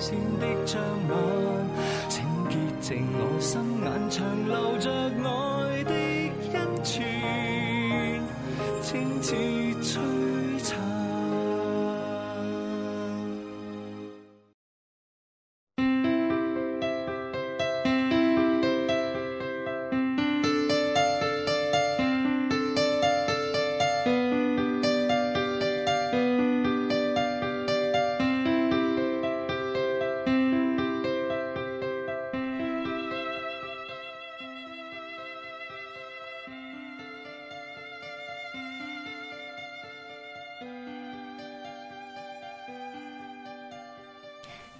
淺的雙眼，請潔淨我心眼，長 流。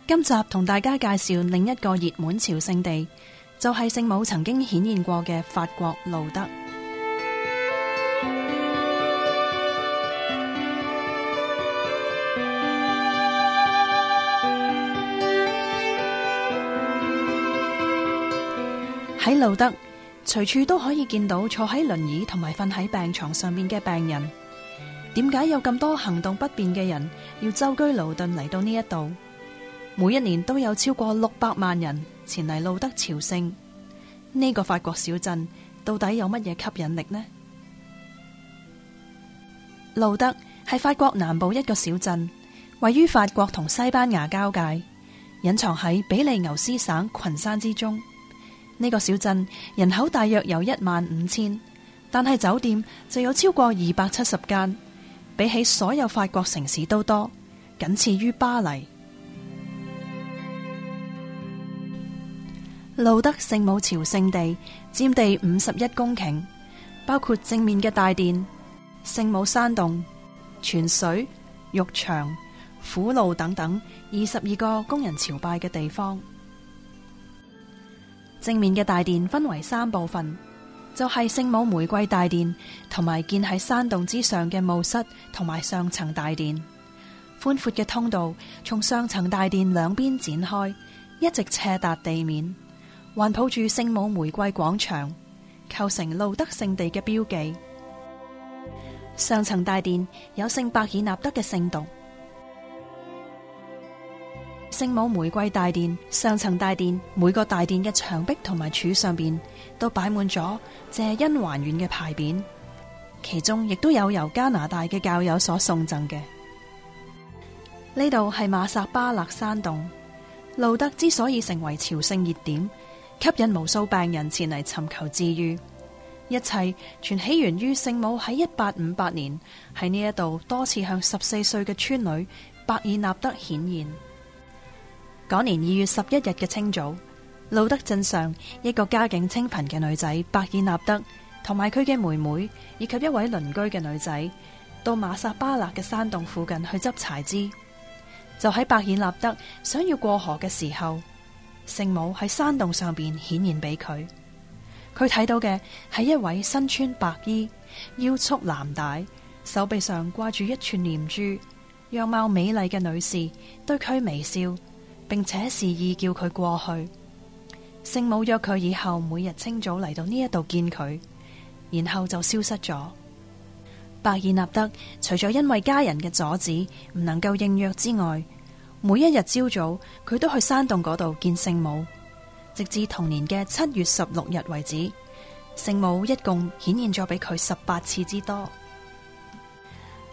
今集同大家介紹另一個熱門朝聖地，就係聖母曾經顯現過嘅法國路德。喺路德，隨處都可以見到坐喺輪椅同埋瞓喺病床上面嘅病人。點解有咁多行動不便嘅人要舟車勞頓嚟到呢一度？每一年都有超過六百萬人前嚟路德朝聖，呢個法國小鎮到底有乜嘢吸引力呢？路德係法國南部一個小鎮，位於法國同西班牙交界，隱藏喺比利牛斯省群山之中。呢個小鎮人口大約有一萬五千，但係酒店就有超過二百七十間，比起所有法國城市都多，僅次於巴黎。路德聖母朝聖地佔地五十一公頃，包括正面嘅大殿、聖母山洞、泉水、浴場、苦路等等二十二個供人朝拜嘅地方。正面嘅大殿分為三部分，就係、是、聖母玫瑰大殿，同埋建喺山洞之上嘅墓室，同埋上層大殿。寬闊嘅通道從上層大殿兩邊展開，一直斜達地面。環抱住聖母玫瑰廣場構成路德聖地嘅標記。上層大殿有聖伯爾納德嘅聖堂，聖母玫瑰大殿、上層大殿每個大殿嘅牆壁同埋柱上面都擺滿咗謝恩還願嘅牌匾，其中亦都有由加拿大嘅教友所送贈嘅。呢度係馬薩巴勒山洞，路德之所以成為朝聖熱點。吸引無數病人前嚟尋求治愈，一切全起源於聖母喺一八五八年喺呢一度多次向十四歲嘅村女伯爾納德顯現。嗰年二月十一日嘅清早，路德鎮上一個家境清貧嘅女仔伯爾納德同埋佢嘅妹妹以及一位鄰居嘅女仔，到馬薩巴勒嘅山洞附近去執柴枝。就喺伯爾納德想要過河嘅時候，聖母喺山洞上邊顯現俾佢，佢睇到嘅係一位身穿白衣、腰束藍帶、手臂上掛住一串念珠、樣貌美麗嘅女士，對佢微笑，並且示意叫佢過去。聖母約佢以後每日清早嚟到呢一度見佢，然後就消失咗。白爾納德除咗因為家人嘅阻止唔能夠應約之外，每一日朝早，佢都去山洞嗰度見聖母，直至同年嘅七月十六日為止。聖母一共顯現咗俾佢十八次之多。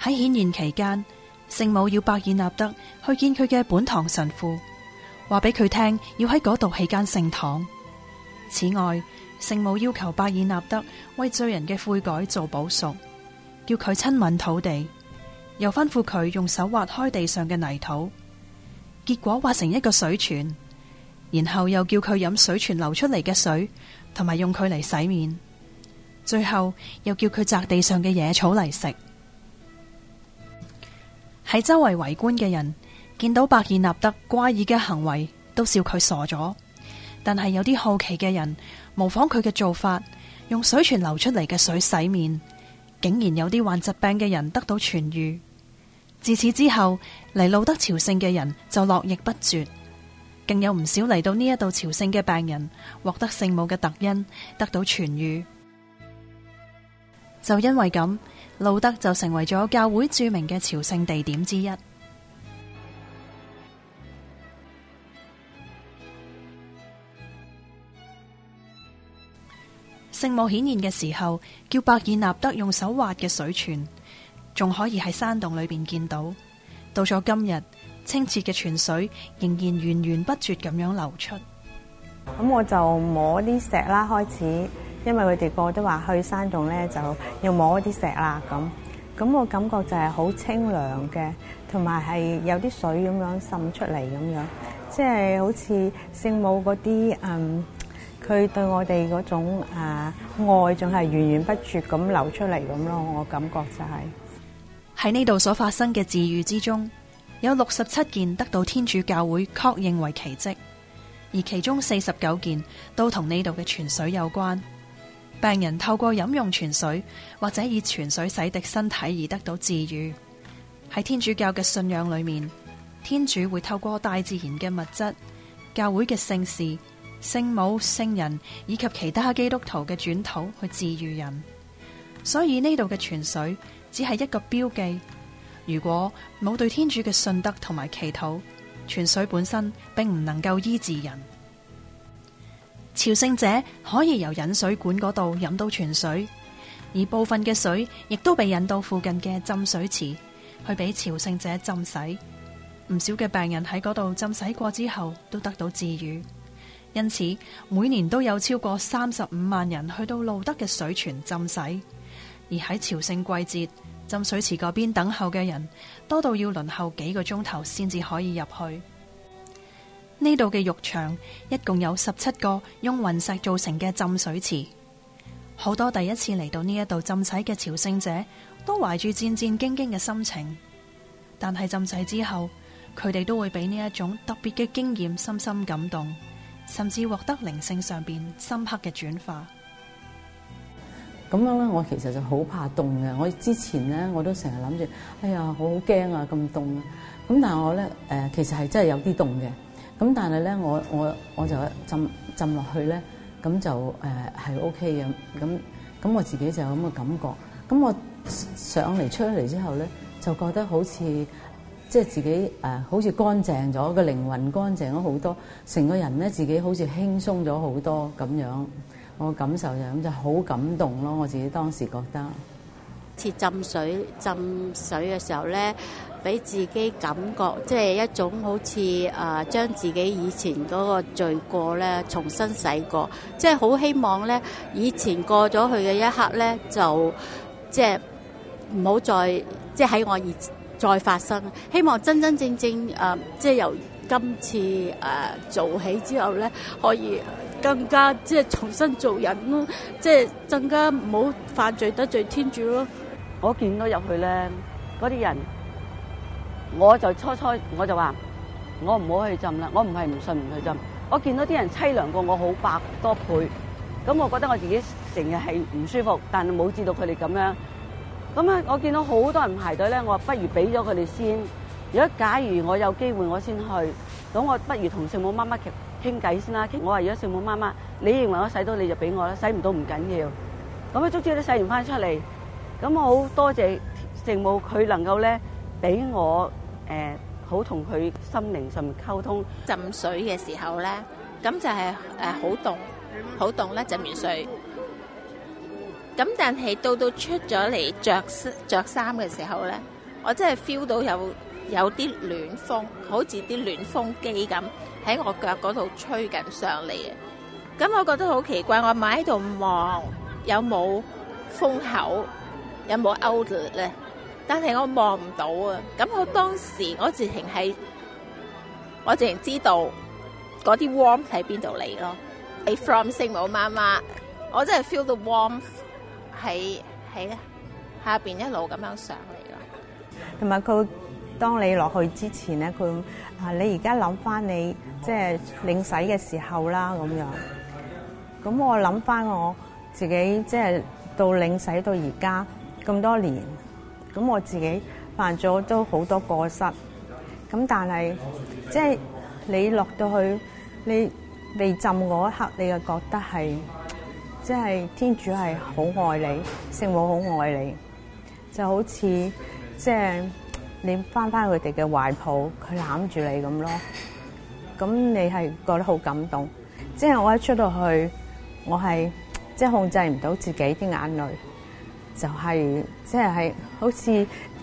喺顯現期間，聖母要伯爾納德去見佢嘅本堂神父，話俾佢聽要喺嗰度起間聖堂。此外，聖母要求伯爾納德為罪人嘅悔改做補贖，叫佢親吻土地，又吩咐佢用手挖開地上嘅泥土。結果挖成一個水泉，然後又叫佢飲水泉流出嚟嘅水，同埋用佢嚟洗面，最後又叫佢摘地上嘅野草嚟食。喺周圍圍觀嘅人見到伯爾納德怪異嘅行為，都笑佢傻咗。但係有啲好奇嘅人模仿佢嘅做法，用水泉流出嚟嘅水洗面，竟然有啲患疾病嘅人得到痊愈。自此之後。嚟路德朝聖嘅人就絡繹不絕，更有唔少嚟到呢一度朝聖嘅病人獲得聖母嘅特恩，得到痊愈。就因為咁，路德就成為咗教會著名嘅朝聖地點之一。聖母顯現嘅時候，叫伯爾納德用手畫嘅水泉，仲可以喺山洞裏邊見到。到咗今日，清澈嘅泉水仍然源源不絕咁樣流出。咁我就摸啲石啦，開始，因為佢哋個都話去山洞咧，就要摸啲石啦。咁，咁我感覺就係好清涼嘅，同埋係有啲水咁樣滲出嚟咁樣，即係好似聖母嗰啲嗯，佢對我哋嗰種啊愛仲係源源不絕咁流出嚟咁咯。我感覺就係。喺呢度所發生嘅治愈之中，有六十七件得到天主教會確認為奇迹，而其中四十九件都同呢度嘅泉水有關。病人透過飲用泉水或者以泉水洗滌身體而得到治愈。喺天主教嘅信仰裏面，天主會透過大自然嘅物質、教會嘅聖事、聖母、聖人以及其他基督徒嘅轉禱去治愈人。所以呢度嘅泉水。只係一個標記。如果冇對天主嘅信德同埋祈禱，泉水本身並唔能夠醫治人。朝聖者可以由引水管嗰度飲到泉水，而部分嘅水亦都被引到附近嘅浸水池去俾朝聖者浸洗。唔少嘅病人喺嗰度浸洗過之後都得到治癒。因此，每年都有超過三十五萬人去到路德嘅水泉浸洗。而喺朝聖季節，浸水池嗰邊等候嘅人多到要輪候幾個鐘頭先至可以入去。呢度嘅浴場一共有十七個用雲石造成嘅浸水池，好多第一次嚟到呢一度浸洗嘅朝聖者都懷住戰戰兢兢嘅心情，但係浸洗之後，佢哋都會俾呢一種特別嘅經驗深深感動，甚至獲得靈性上邊深刻嘅轉化。咁樣咧，我其實就好怕凍嘅。我之前咧，我都成日諗住，哎呀，好驚啊，咁凍啊！咁但係我咧、呃，其實係真係有啲凍嘅。咁但係咧，我我我就浸浸落去咧，咁就誒係、呃、OK 嘅。咁咁我自己就有咁嘅感覺。咁我上嚟出嚟之後咧，就覺得好似即係自己誒、呃，好似乾淨咗，個靈魂乾淨咗好多，成個人咧自己好似輕鬆咗好多咁樣。我感受就咁就好感動咯，我自己當時覺得，切浸水浸水嘅時候咧，俾自己感覺即係一種好似誒、呃、將自己以前嗰個罪過咧重新洗過，即係好希望咧以前過咗去嘅一刻咧，就即係唔好再即係喺我耳再發生。希望真真正正誒、呃，即係由今次誒、呃、做起之後咧，可以。更加即係重新做人咯，即係更加唔好犯罪得罪天主咯。我見到入去咧，嗰啲人，我就初初我就話，我唔好去浸啦，我唔係唔信唔去浸。我見到啲人淒涼過我好百多倍，咁我覺得我自己成日係唔舒服，但冇知道佢哋咁樣。咁啊，我見到好多人排隊咧，我話不如俾咗佢哋先。如果假如我有機會我先去，咁我不如同聖母乜乜。傾偈先啦，我話如果聖母媽媽，你認為我洗到你就俾我啦，洗唔到唔緊要。咁啊，足足都洗完翻出嚟，咁我好多謝聖母，佢能夠咧俾我誒好同佢心靈上面溝通。浸水嘅時候咧，咁就係誒好凍，好凍啦！浸完水，咁但係到到出咗嚟著著衫嘅時候咧，我真係 feel 到有，有啲暖風，好似啲暖風機咁喺我腳嗰度吹緊上嚟嘅。咁我覺得好奇怪，我咪喺度望有冇風口，有冇 outlet 咧？但係我望唔到啊！咁我當時我直情係，我直情知道嗰啲 warm 喺邊度嚟咯。係 from 聖母媽媽，我真係 feel 到 warm 喺喺下邊一路咁樣上嚟咯。同埋佢。當你落去之前咧，佢啊，你而家諗翻你即係、就是、領洗嘅時候啦，咁樣。咁我諗翻我自己，即、就、係、是、到領洗到而家咁多年，咁我自己犯咗都好多過失。咁但係即係你落到去，你被浸嗰一刻，你就覺得係即係天主係好愛你，聖母好愛你，就好似即係。就是你翻翻佢哋嘅懷抱，佢攬住你咁咯，咁你係覺得好感動。即係我一出到去，我係即係控制唔到自己啲眼淚，就係即係係好似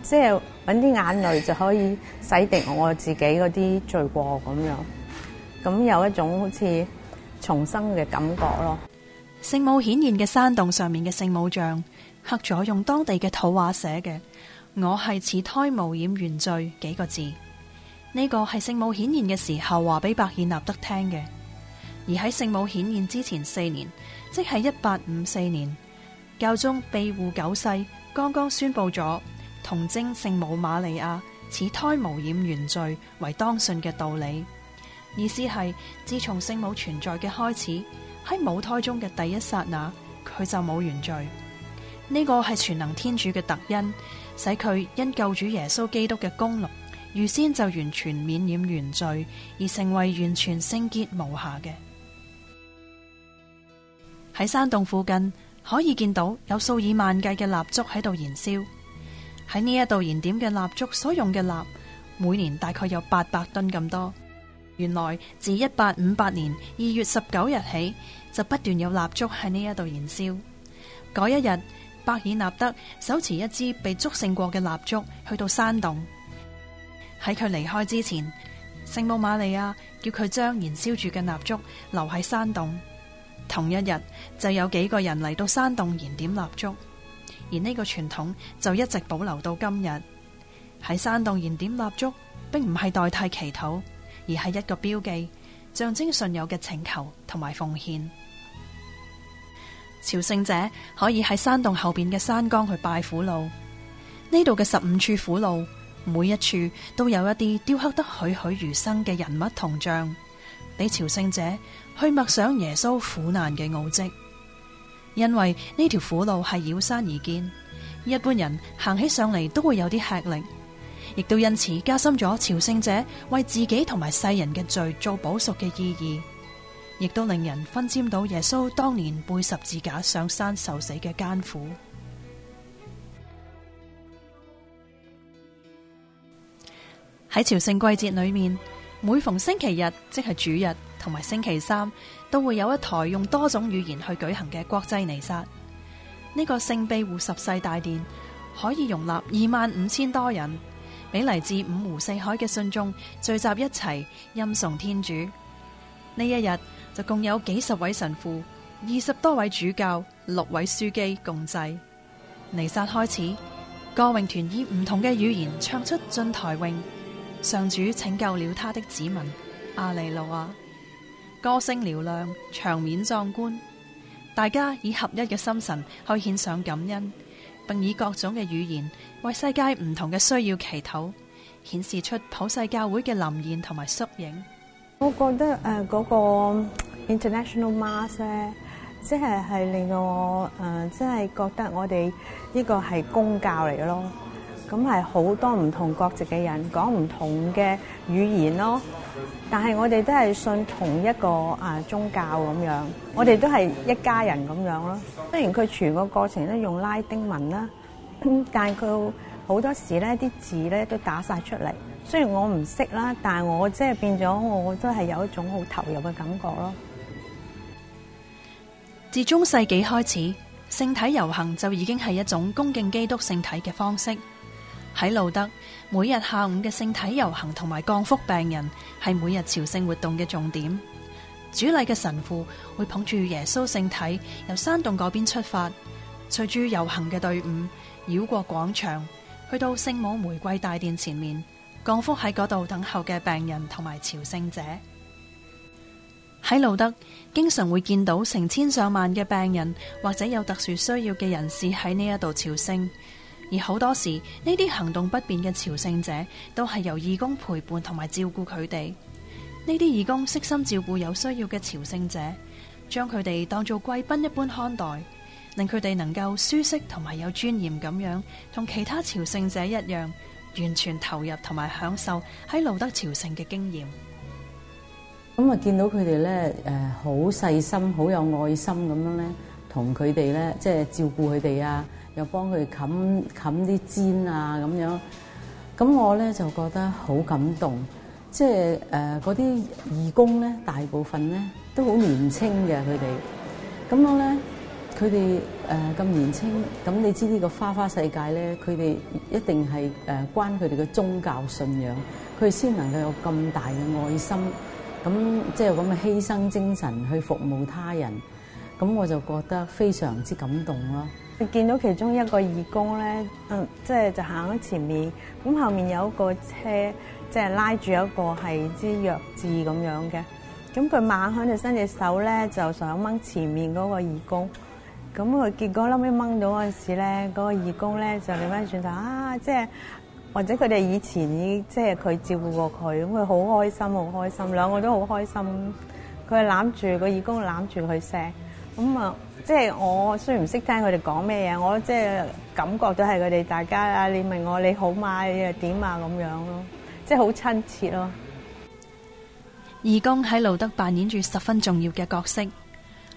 即係揾啲眼淚就可以洗滌我自己嗰啲罪過咁樣，咁有一種好似重生嘅感覺咯。聖母顯現嘅山洞上面嘅聖母像刻咗用當地嘅土話寫嘅。我係始胎無染原罪幾個字，呢個係聖母顯現嘅時候話俾伯爾納德聽嘅。而喺聖母顯現之前四年，即係一八五四年，教宗庇護九世剛剛宣布咗童貞聖母瑪利亞始胎無染原罪為當信嘅道理。意思係自從聖母存在嘅開始，喺母胎中嘅第一剎那，佢就冇原罪。呢個係全能天主嘅特恩。使佢因救主耶穌基督嘅功勞預先就完全免染原罪，而成為完全聖潔無瑕嘅。喺山洞附近可以見到有數以萬計嘅蠟燭喺度燃燒。喺呢一度燃點嘅蠟燭所用嘅蠟每年大概有八百噸咁多。原來自一八五八年二月十九日起就不斷有蠟燭喺呢一度燃燒。嗰一日。伯爾納德手持一支被祝聖過嘅蠟燭，去到山洞。喺佢離開之前，聖母瑪利亞叫佢將燃燒住嘅蠟燭留喺山洞。同一日就有幾個人嚟到山洞燃點蠟燭，而呢個傳統就一直保留到今日。喺山洞燃點蠟燭，並唔係代替祈禱，而係一個標記，象徵信友嘅請求同埋奉獻。朝聖者可以喺山洞後邊嘅山崗去拜苦路，呢度嘅十五處苦路，每一處都有一啲雕刻得栩栩如生嘅人物銅像，俾朝聖者去默想耶穌苦難嘅奧跡。因為呢條苦路係繞山而建，一般人行起上嚟都會有啲吃力，亦都因此加深咗朝聖者為自己同埋世人嘅罪做補贖嘅意義。亦都令人分沾到耶穌當年背十字架上山受死嘅艱苦。喺朝聖季節裏面，每逢星期日即係主日同埋星期三，都會有一台用多種語言去舉行嘅國際彌撒。呢、這個聖庇護十世大殿可以容納二萬五千多人，俾嚟自五湖四海嘅信眾聚集一齊欽崇天主。呢一日。就共有幾十位神父、二十多位主教、六位樞機共祭。彌撒開始，歌詠團以唔同嘅語言唱出進台詠，上主拯救了他的子民，阿尼路亞，歌聲嘹亮，場面壯觀，大家以合一嘅心神去獻上感恩，並以各種嘅語言為世界唔同嘅需要祈禱，顯示出普世教會嘅臨現同埋縮影。我覺得誒嗰、呃那個 International Mass 咧、呃，即係係令我誒，即係覺得我哋呢個係公教嚟嘅咯。咁係好多唔同國籍嘅人講唔同嘅語言咯。但係我哋都係信同一個啊宗教咁樣，我哋都係一家人咁樣咯。雖然佢全個過程都用拉丁文啦，但係佢好多時咧啲字咧都打晒出嚟。雖然我唔識啦，但係我即係變咗，我真係有一種好投入嘅感覺咯。自中世紀開始，聖體遊行就已經係一種恭敬基督聖體嘅方式。喺路德，每日下午嘅聖體遊行同埋降福病人係每日朝聖活動嘅重點。主禮嘅神父會捧住耶穌聖體，由山洞嗰邊出發，隨住遊行嘅隊伍繞過廣場，去到聖母玫瑰大殿前面。降福喺嗰度等候嘅病人同埋朝聖者，喺路德經常會見到成千上萬嘅病人或者有特殊需要嘅人士喺呢一度朝聖，而好多時呢啲行動不便嘅朝聖者都係由義工陪伴同埋照顧佢哋。呢啲義工悉心照顧有需要嘅朝聖者，將佢哋當做貴賓一般看待，令佢哋能夠舒適同埋有尊嚴咁樣，同其他朝聖者一樣，完全投入同埋享受喺路德朝聖嘅經驗，咁啊見到佢哋咧，誒，好細心、好有愛心咁樣咧，同佢哋咧即係照顧佢哋啊，又幫佢冚冚啲氈啊，咁樣，咁我咧就覺得好感動，即係誒，嗰啲義工咧，大部分咧都好年輕嘅，佢哋，咁樣咧。佢哋誒咁年青，咁你知呢個花花世界咧，佢哋一定係誒關佢哋嘅宗教信仰，佢哋先能夠有咁大嘅愛心，咁即係咁嘅犧牲精神去服務他人，咁我就覺得非常之感動咯。你見到其中一個義工咧，嗯，即係就行、是、喺前面，咁後面有一個車，即、就、係、是、拉住一個係支弱智咁樣嘅，咁佢猛響度伸隻手咧，就想掹前面嗰個義工。咁佢結果臨尾掹到嗰陣時咧，嗰、那個義工咧就轉翻轉頭啊！即係或者佢哋以前已即係佢照顧過佢，咁佢好開心，好開心，兩個都好開心。佢攬住個義工攬住佢錫，咁、嗯、啊！即係我雖然唔識聽佢哋講咩嘢，我即係感覺都係佢哋大家啊！你問我你好嗎？點啊咁樣咯，即係好親切咯、啊。義工喺路德扮演住十分重要嘅角色。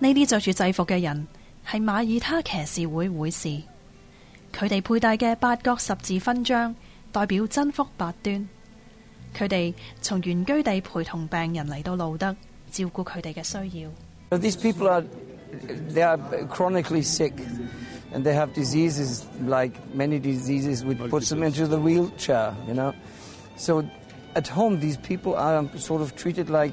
呢啲著住制服嘅人係馬爾他騎士會會士，佢哋佩戴嘅八角十字勛章代表真福八端。佢哋從原居地陪同病人嚟到路德照顧佢哋嘅需要。These people are, they are chronically sick and they have diseases like many diseases which put them into the wheelchair, you know. So at home, these people are sort of treated like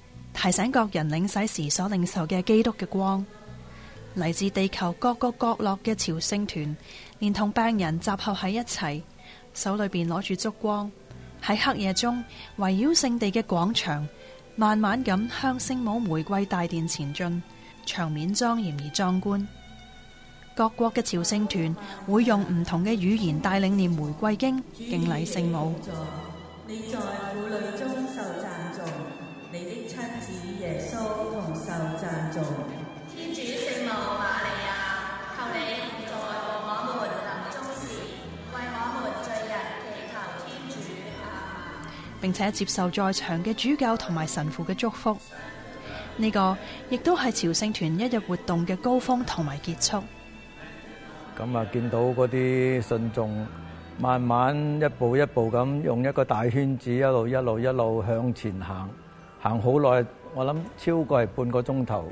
提醒各人領洗時所領受嘅基督嘅光，嚟自地球各個角落嘅朝聖團，連同病人集合喺一齊，手裏邊攞住燭光，喺黑夜中圍繞聖，聖地嘅廣場，慢慢咁向聖母玫瑰大殿前進，場面莊嚴而壯觀。各國嘅朝聖團會用唔同嘅語言帶領念玫瑰經，敬禮聖母。並且接受在場嘅主教同埋神父嘅祝福，呢個亦都係朝聖團一日活動嘅高峰同埋結束。咁啊，見到嗰啲信眾慢慢一步一步咁，用一個大圈子，一路一路一路向前行，行好耐，我諗超過係半個鐘頭。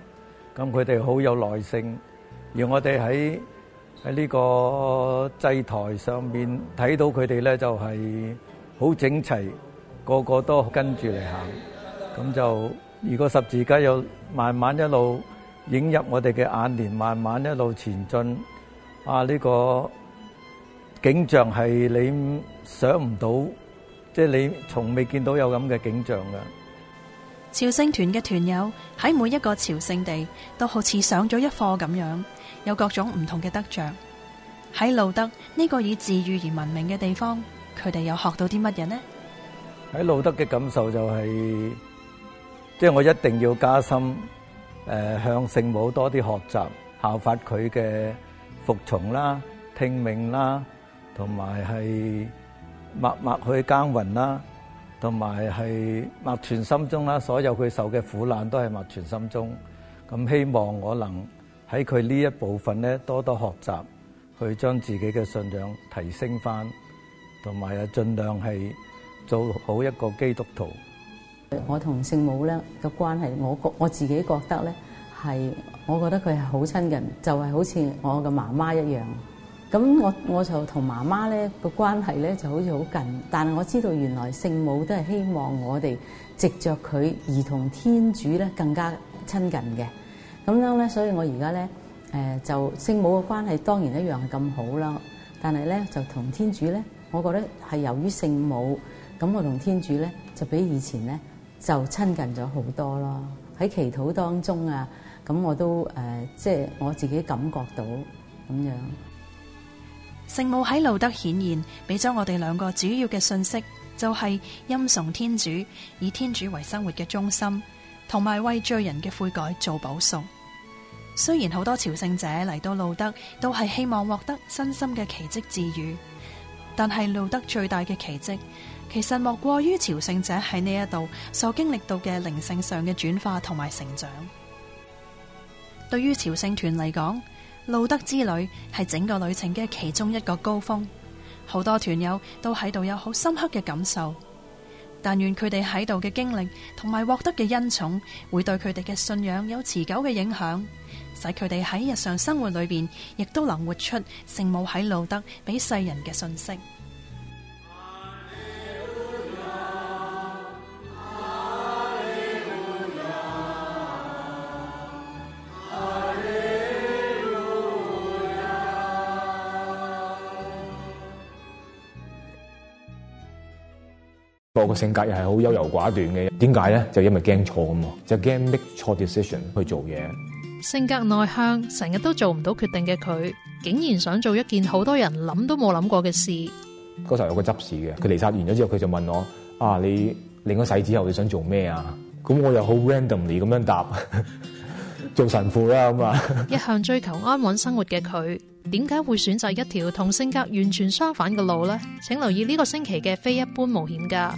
咁佢哋好有耐性，而我哋喺喺呢個祭台上面睇到佢哋咧，就係好整齊。個個都跟住嚟行，咁就，如果十字架又慢慢一路影入我哋嘅眼簾，慢慢一路前進，啊呢個景象係你想唔到，即係你從未見到有咁嘅景象嘅。朝聖團嘅團友喺每一個朝聖地都好似上咗一課咁樣，有各種唔同嘅得着。喺路德呢個以治癒而聞名嘅地方，佢哋又學到啲乜嘢呢？喺路德嘅感受就係，即係我一定要加深誒向聖母多啲學習，效法佢嘅服從啦、聽命啦，同埋係默默去耕耘啦，同埋係默存心中啦。所有佢受嘅苦難都係默存心中。咁希望我能喺佢呢一部分呢多多學習，去將自己嘅信仰提升翻，同埋啊盡量係。做好一個基督徒，我同聖母咧嘅關係，我覺我自己覺得咧，係我覺得佢係好親近，就係好似我嘅媽媽一樣。咁我我就同媽媽咧個關係咧就好似好近，但係我知道原來聖母都係希望我哋藉着佢而同天主咧更加親近嘅。咁樣咧，所以我而家咧誒就聖母嘅關係當然一樣係咁好啦，但係咧就同天主咧，我覺得係由於聖母。咁我同天主咧就比以前咧就親近咗好多咯。喺祈禱當中啊，咁我都誒，即、呃、係、就是、我自己感覺到咁樣。聖母喺路德顯現，俾咗我哋兩個主要嘅信息，就係、是、欽崇天主，以天主為生活嘅中心，同埋為罪人嘅悔改做補贖。雖然好多朝聖者嚟到路德都係希望獲得身心嘅奇蹟治愈，但係路德最大嘅奇蹟。其實莫過於朝聖者喺呢一度所經歷到嘅靈性上嘅轉化同埋成長。對於朝聖團嚟講，路德之旅係整個旅程嘅其中一個高峰。好多團友都喺度有好深刻嘅感受。但願佢哋喺度嘅經歷同埋獲得嘅恩寵，會對佢哋嘅信仰有持久嘅影響，使佢哋喺日常生活裏面亦都能活出聖母喺路德俾世人嘅訊息。個性格又係好優柔寡斷嘅，點解咧？就因為驚錯啊嘛，就驚 make 錯 decision 去做嘢。性格內向，成日都做唔到決定嘅佢，竟然想做一件好多人諗都冇諗過嘅事。嗰時候有個執事嘅，佢離殺完咗之後，佢就問我：啊，你令我世之後你想做咩啊？咁我又好 randomly 咁樣答， 做神父啦咁啊。一向追求安穩生活嘅佢，點解會選擇一條同性格完全相反嘅路咧？請留意呢個星期嘅非一般冒險家。